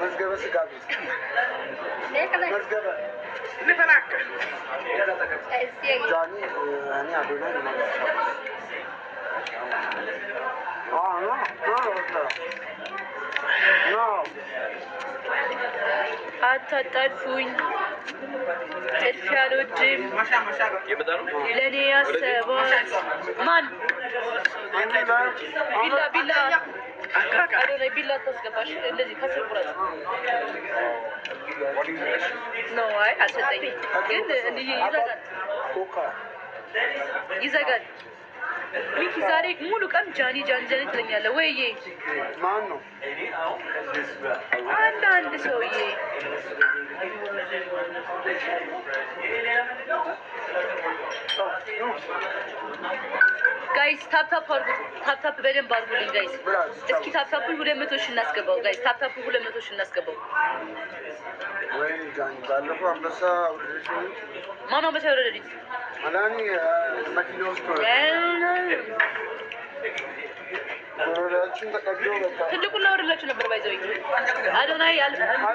መዝገበ ስጋ ቤት መዝገበ ጃኒ እኔ አዶናይ አታጣድፉኝ። ጥልፍ ያልወድም ለእኔ ያሰባል ማን ቢላ ቢላ ቢላ ታስገባሽ። እንደዚህ ይዘጋል። ሚኪ ዛሬ ሙሉ ቀን ጃኒ ጃኒ ጃኒ ትለኛለህ። ወይዬ ማን ነው አንድ አንድ ሰውዬ ጋይስ ታፕታፕ አድርጉ። ታፕታፕ በደንብ አድርጉልኝ ጋይስ። እስኪ ታፕታፕ ሁለት መቶ ሺህ እናስገባው ጋይስ። ታፕታፕ ሁለት መቶ ሺህ እናስገባው። ማን አንበሳ የወረደልኝ? ትልቁን ላወርድላችሁ ነበር ባይዘው አዶናይ አዶናይ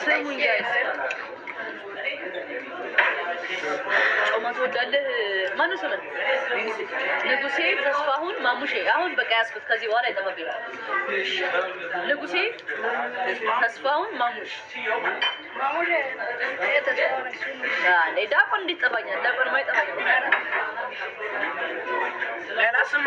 ስሙ እያይስ ጮማ ትወዳለህ? ማነው ስምን ንጉሴ ተስፋሁን ማሙሼ። አሁን በቃ ያዝኩት፣ ከዚህ በኋላ ይጠበብ። ንጉሴ ተስፋሁን ማሙሽ ዳቆን እንዲጠባኛል ዳቆን ማይጠባኛ ሌላ ስም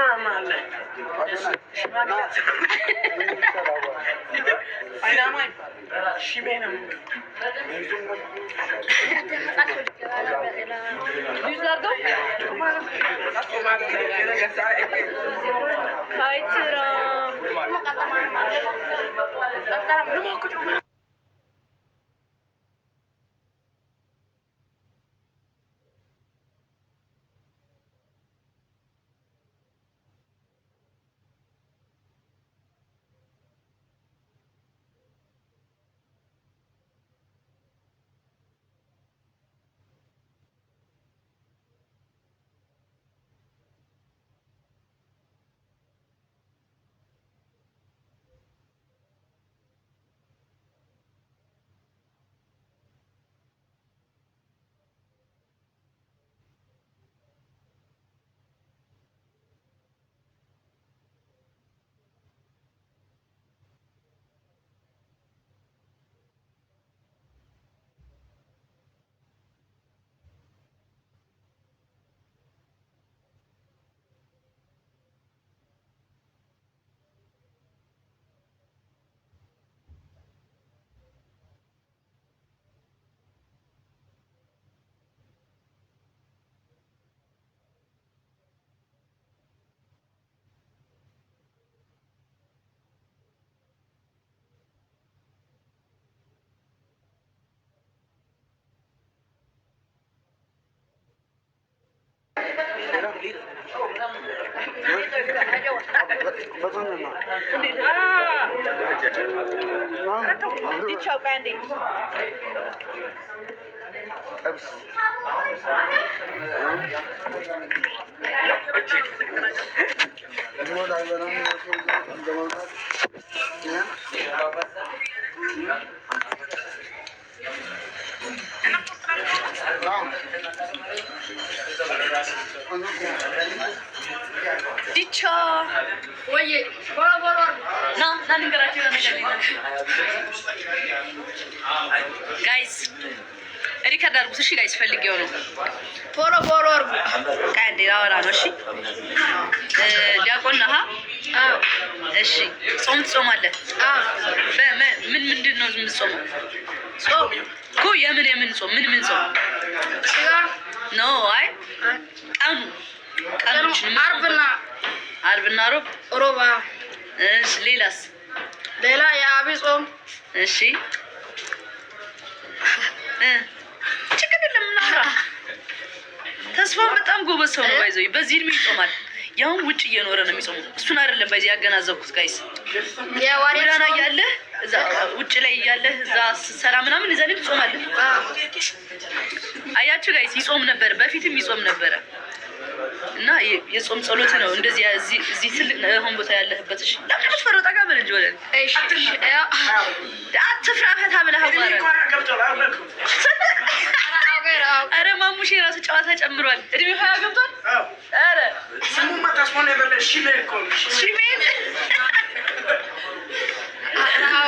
đi chơi band đi Thank you. ዲቻ ወይ ና ልንገራችሁ ጋይስ ሪከርድ አድርጉት። እሺ ጋይስ ፈልጌው ነው። ቦሮ ቦሮ አድርጉ። ቃይ ላወራ ነው። እሺ ዲያቆን ነህ? አዎ። እሺ ጾም ትጾማለህ? አዎ። ምን ምንድን ነው የምትጾመው? ጾም እኮ የምን የምን ጾም ምን ምን ጾም ነው። አይ ቀኑ አርብና አርብና ሮብ ሮባ። እሺ ሌላስ? ሌላ የአብይ ጾም። እሺ ችግር የለም እናውራ። ተስፋን በጣም ጎበዝ ሰው ነው። ባይዘው በዚህ እድሜ ይጾማል። ያሁን ውጭ እየኖረ ነው የሚጾሙ። እሱን አይደለም ባይዘው ያገናዘብኩት ጋይስ ያዋሪና ውጭ ላይ እያለህ እዛ ስትሰራ ምናምን እዛ ላይ ጾም አለ። አያችሁ ጋይስ ይጾም ነበር፣ በፊትም ይጾም ነበረ እና የጾም ጸሎት ነው። እንደዚህ እዚህ ትልቅ አሁን ቦታ ያለህበት ለምን የምትፈራው? ጠጋ በል እንጂ ወደ አትፍራ። ፈታ ብለህ ኧረ ማሙሽ የራሱ ጨዋታ ጨምሯል። እድሜ ሀያ ገብቷል። አረ ሆነ በለ ሺሜ ኧረ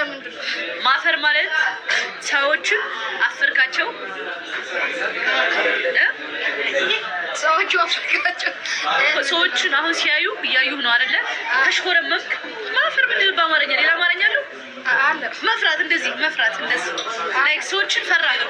ማፍረር ምንድን ነው? ማፈር ማለት ሰዎችን አፈርካቸው፣ ሰዎቹ አፈርካቸው፣ ሰዎችን አሁን ሲያዩ እያዩ ነው አይደለ? ተሽኮረመምክ። ማፈር ምንድን ነው በአማርኛ? ሌላ አማርኛ አለው? መፍራት፣ እንደዚህ መፍራት፣ እንደዚህ ላይክ ሰዎችን ፈራ ነው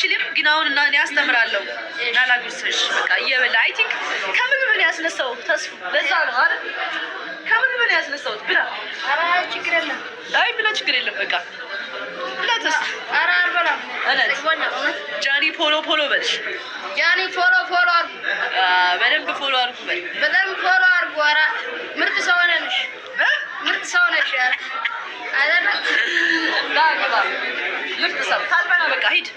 አልችልም፣ ግን አሁን እና እኔ አስተምራለሁ ናላጉስሽ በቃ እየበላ አይ ቲንክ ከምግብ ነው ያስነሳው ተስፉ በዛ ነው አይደል? ከምግብ ነው ያስነሳውት ብላ ችግር የለም አይ ብላ ችግር የለም በቃ ጃኒ ፖሎ ፖሎ በልሽ ጃኒ ፎሎ ፎሎ አርጉ፣ በደንብ ፎሎ አድርጉ፣ በደንብ ፎሎ አርጉ። ኧረ ምርጥ ሰው ነሽ፣ ምርጥ ሰው ነሽ። ምርጥ ሰው ታጥበና በቃ ሂድ።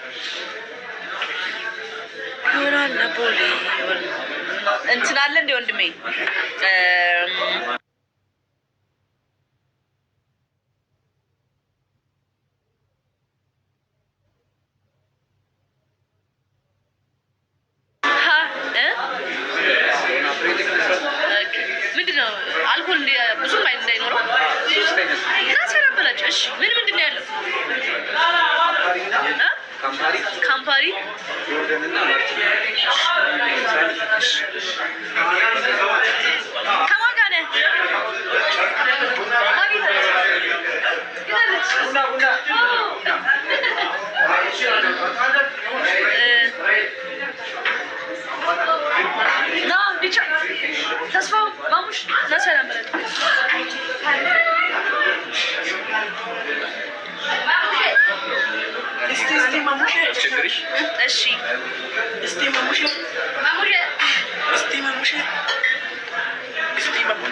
እንትን አለ እንደ ወንድሜ ልንገርሽ። እሺ እስቲ መሙሽ መሙሽ እስቲ መሙሽ እስቲ መሙሽ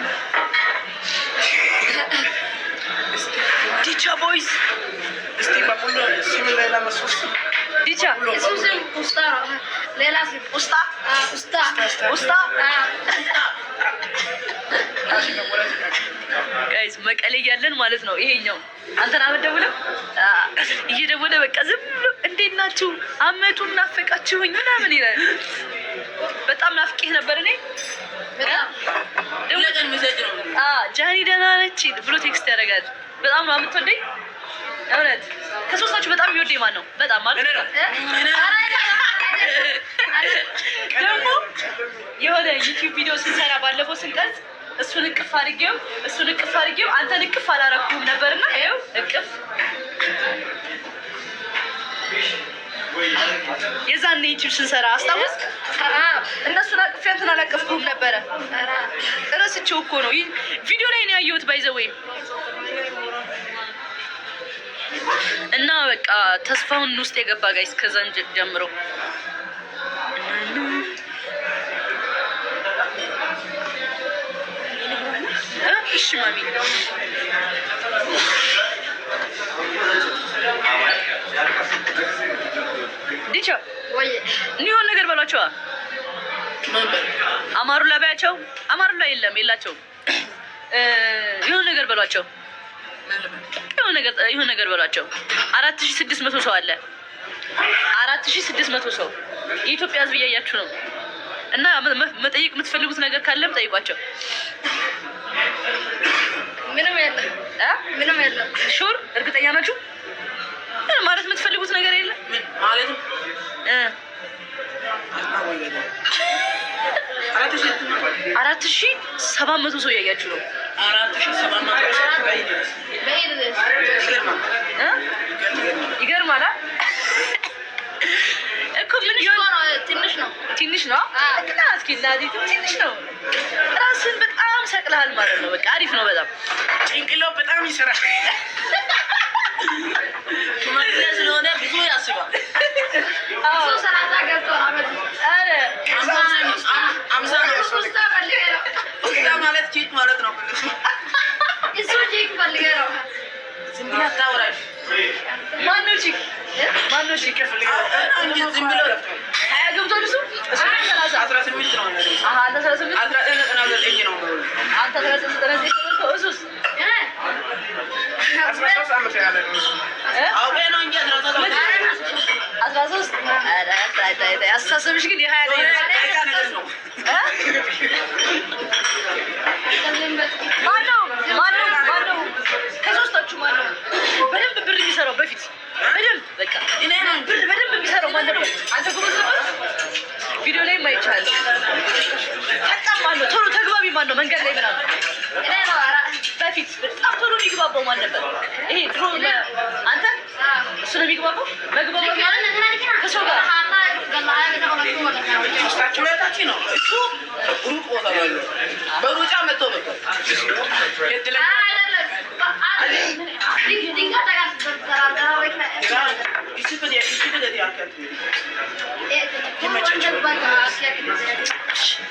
ዲቻ ቦይስ እስቲ መሙሽ ስም ሌላ መስሎሽ ዲቻ ስም ስም ውስጣ ሌላ ስም ውስጣ ውስጣ ውስጣ ጋይስ መቀሌ ያለን ማለት ነው። ይሄኛው አንተን አልደውልም እየደወለ በቃ ዝም እንዴት ናችሁ? አመቱ እናፈቃችሁኝ ምናምን ይላል። በጣም ናፍቄህ ነበር እኔ ጃኒ ደህና ነች ብሎ ቴክስት ያደርጋል። በጣም ነው የምትወደኝ እውነት። ከሶስታችሁ በጣም የሚወደኝ ማን ነው? በጣም ደግሞ የሆነ ዩቲዩብ ቪዲዮ ስንሰራ ባለፈው ስንቀርጽ እሱን እቅፍ አድርጌው እሱን እቅፍ አድርጌው አንተን እቅፍ አላረኩም ነበርና ይኸው እቅፍ የዛን ዩቲዩብ ስንሰራ አስታውስ። እነሱን አቅፌ እንትን አላቀፍኩም ነበረ። እረስቼው እኮ ነው። ቪዲዮ ላይ ነው ያየሁት። ባይዘው እና በቃ ተስፋውን ውስጥ የገባ ጋይስ ከዛን ጀምሮ እሺ ማሚ ዲቻ ሊሆን ነገር በሏቸዋ። አማሩ ላይ ባያቸው አማሩ ላይ የለም የላቸውም። የሆነ ነገር በሏቸው። የሆነ ነገር በሏቸው። አራት ሺህ ስድስት መቶ ሰው አለ። አራት ሺህ ስድስት መቶ ሰው የኢትዮጵያ ሕዝብ እያያችሁ ነው። እና መጠየቅ የምትፈልጉት ነገር ካለም ጠይቋቸው። ምንም የለም፣ ምንም የለም። ሹር እርግጠኛ ናችሁ? የምታውቁት ነገር የለም ማለትም አራት ሺ ሰባት መቶ ሰው እያያችሁ ነው። ይገርማል እኮ ምን ትንሽ ነው ትንሽ ነው ትንሽ ነው። ራስን በጣም ሰቅልሃል ማለት ነው። በቃ አሪፍ ነው። በጣም ጭንቅላው በጣም ይሰራል። አስራ ሶስት አስተሳሰብሽ ግን የሀያ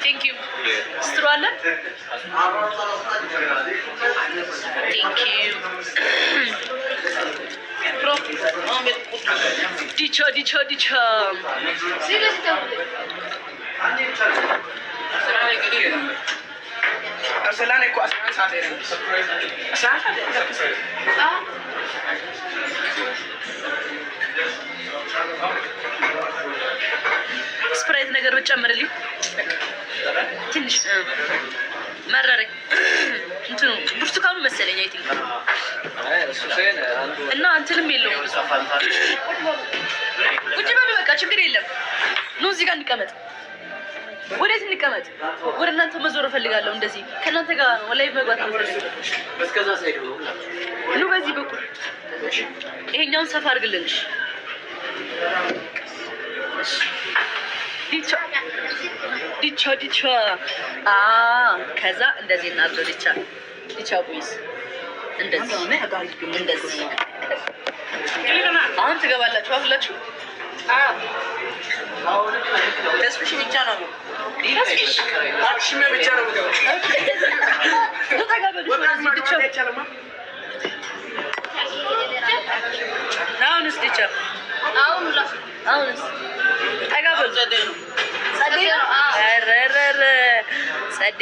Thank you. Strana? Thank you. Dicho, dicho, dicho. Okay. ነገሮች ጨምርልኝ። ትንሽ መረረኝ። እንትኑ ብርቱካኑ መሰለኝ አይ ቲንክ እና እንትንም የለውም። ቁጭ በሉ በቃ ችግር የለም። ኑ እዚህ ጋር እንቀመጥ። ወዴት እንቀመጥ? ወደ እናንተ መዞር እፈልጋለሁ። እንደዚህ ከእናንተ ጋር ነው ላይ መግባት ነው። ኑ በዚህ በኩል ይሄኛውን ሰፋ አድርግልንሽ ዲቻ ዲቻ ዲቻ አ ከዛ እንደዚህ እናዞ ዲቻ ዲቻ ቦይስ እንደዚህ አሁን ትገባላችሁ አሁላችሁ ተስፍሽ ብቻ ነው ብቻ ነው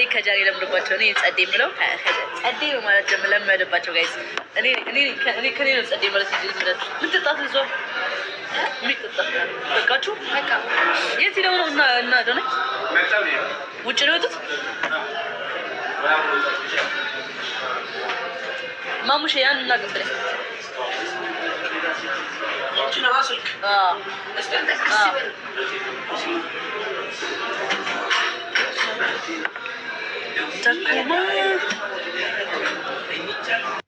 ጸዴ ከጃን የለምድባቸው እኔ ጸዴ የምለው ጸዴ ነው ማለት ጀም ለመደባቸው ጋይዝ ከኔ ነው ጸዴ ማለት ምን ጥጣት ይዞ የሚጠጣ በቃችሁ። የት ሄደው ነው እና እና ደሆነ ውጭ ነው የወጡት። ማሙሽ ያን እና ገፍሬ 再见。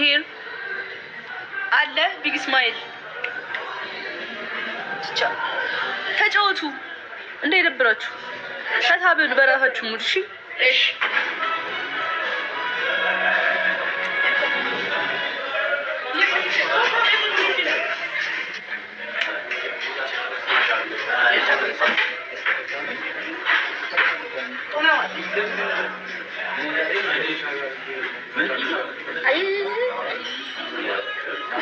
ሄር አለ ቢግ ስማይል ተጫወቱ፣ እንዳይደብራችሁ ተሳበሉ፣ በራሳችሁ ሙድ። እሺ አይ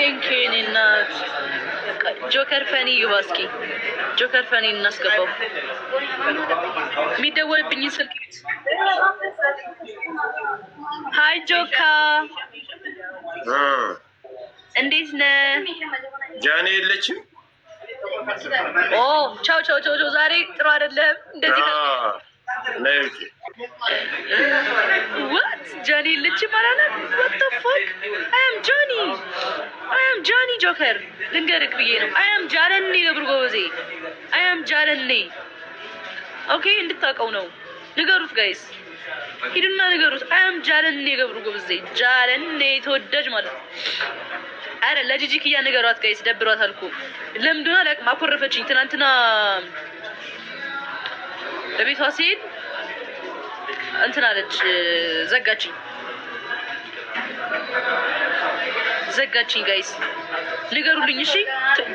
ቴንኪ የኔ እናት። ጆከር ፈኒ ይባስኪ ጆከር ፈኒ እናስገባው። የሚደወልብኝ ስልክ ሀይ ጆካ እንዴት ነ ጃኔ የለችም። ኦ ቻው ቻው ቻው። ዛሬ ጥሩ አይደለም እንደዚህ ወት ጆኒ ልች ይባላል። ወት ፎክ አይ አም ጆኒ አይ አም ጆኒ ጆከር ልንገርክ ብዬ ነው። አይ አም ጃለኔ ነብር ጎበዜ አይ አም ጃለኔ ኦኬ፣ እንድታውቀው ነው። ንገሩት ጋይስ ሂዱና ንገሩት። አይ አም ጃለኔ ገብሩ ጎበዜ ጃለኔ ተወዳጅ ማለት ነው። አረ ለጂጂ ንገሯት ጋይስ፣ ደብሯት አልኩ። ለምንድን ነው አላውቅም። አኮረፈችኝ ትናንትና ቤቷ ሲሄድ እንትን አለች፣ ዘጋችኝ ዘጋችኝ። ጋይስ ንገሩልኝ እሺ፣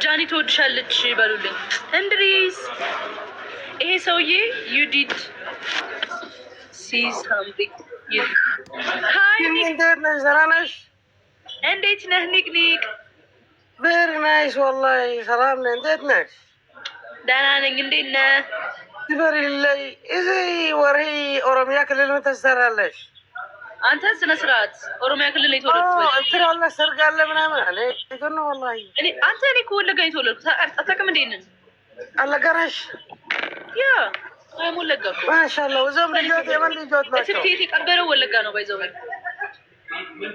ጃኒ ትወድሻለች በሉልኝ። እንድሪስ ይሄ ሰውዬ ዩ ዲድ ሲ ሳምቲንግ እንዴት ነህ ኒክ ቨሪ ናይስ ወላሂ፣ ሰላም ነህ? እንዴት ነህ? ደህና ነኝ። እንዴት ነህ? ትበሪለይ እዚ ወሬ ኦሮሚያ ክልል ምን ተሰራለሽ? አንተ ስነ ስርዓት ኦሮሚያ ክልል ትራላ ሰርግ አለ ምናምን አለ አንተ እኔ እኮ ወለጋ የተወለድኩ አታውቅም። እንዴት ነህ? ያ ወይም ወለጋ ማሻላ። እዞም ልጆት የመን ልጆት ናቸው። የተቀበረው ወለጋ ነው። ባይዘው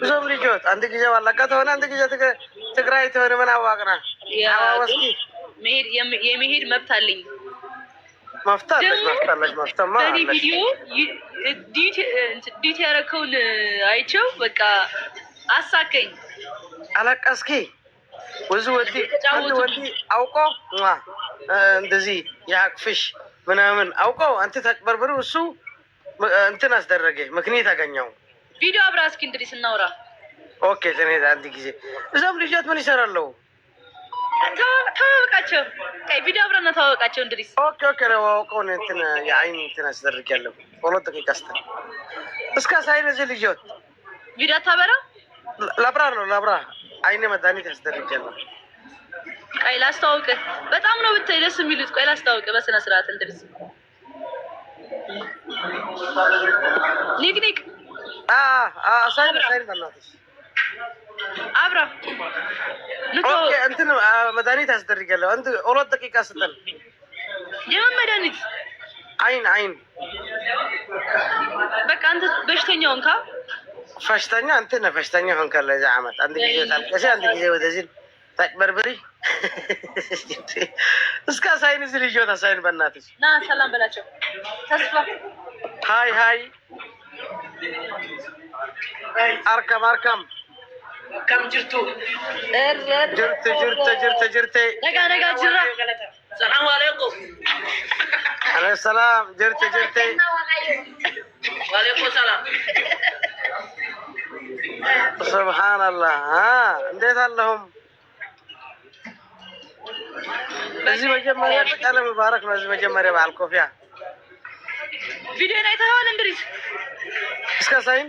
እዞም ልጆት አንድ ጊዜ ዋለጋ ተሆነ፣ አንድ ጊዜ ትግራይ ተሆነ። ምን አዋቅና መሄድ የመሄድ መብት አለኝ መፍታለች መፍታለች መፍታማ በዚህ ቪዲዮ ዲዩቲ ያረከውን አይቼው በቃ አሳቀኝ። አለቀስኪ ብዙ ወዲ አንድ ወዲ አውቆ እንደዚህ የአቅፍሽ ምናምን አውቆ አንተ ተቅበርብሩ እሱ እንትን አስደረገ። ምክንያት አገኘው። ቪዲዮ አብራ እስኪ እንግዲህ ስናወራ ኦኬ። አንድ ጊዜ እዛም ልጃት ምን ይሰራለው? ተዋወቃቸው ቪዲዮ አብረን ተዋወቃቸው። እንድሪስ ኦኬ ኦኬ ነው ነው እንትን የአይን እንትን አስደርግ ያለው ሁለት ደቂቃ ስተ እስከ ሳይን እዚህ ልጆት ቪዲዮ ታበራ ላብራ ነው ላብራ አይነ መድኃኒት አስደርግ ያለው ቆይ ላስታውቅ። በጣም ነው ብታይ ደስ የሚሉት። ቆይ ላስታውቅ በስነ ስርዓት እንድሪስ ኒክኒክ አ አ ሳይን ሳይን ባላትሽ አብራ እንትን መድኃኒት ያስደርጋለሁ። ሁለት ደቂቃ ስጠን። የምን መድኃኒት? አይን አይን በቃ አንተ በሽተኛ ሆንካ። በሽተኛ አንተ ነህ። በሽተኛ ሆንካ ለዚህ ዓመት አንድ ጊዜ ታልቀሽ፣ አንድ ጊዜ ወደዚህ ታጭበርብሪ። እስከ ሳይን እዚህ ልጅ ሆና ሳይን፣ በእናትሽ ና ሰላም በላቸው። ተስፋ ሀይ ሀይ አርከም አርከም Kam jirtu? Jirti, jirti, jirti, jirti. Naga, naga, jirra. Salam alaikum. Alayhi salam, jirti, jirti. Walaikum salam. سبحان الله ها እንዴት አለሁም እዚህ መጀመሪያ ቃለ ሙባረክ ነው። እዚህ መጀመሪያ በዓል ኮፊያ ቪዲዮ ላይ ታዋል እንድሪስ እስከ ሳይን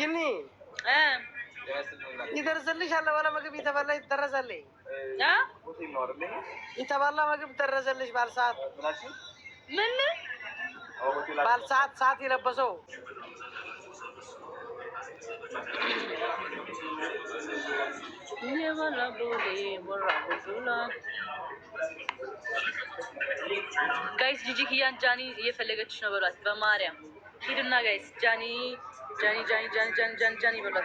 ጅኒ ይደርስልሻል። ባለ ምግብ የተበላ ይደረሰልኝ የተበላ ምግብ ደረሰልሽ። ባልሰዓት ምን ባልሰዓት ሰዓት የለበሰው ጋይስ ጂጂ ኪያን ጃኒ እየፈለገችሽ ነው በሏት። በማርያም ሂዱና ጋይስ ጃኒ জানি জানি জানি জানি জানি জানি বলা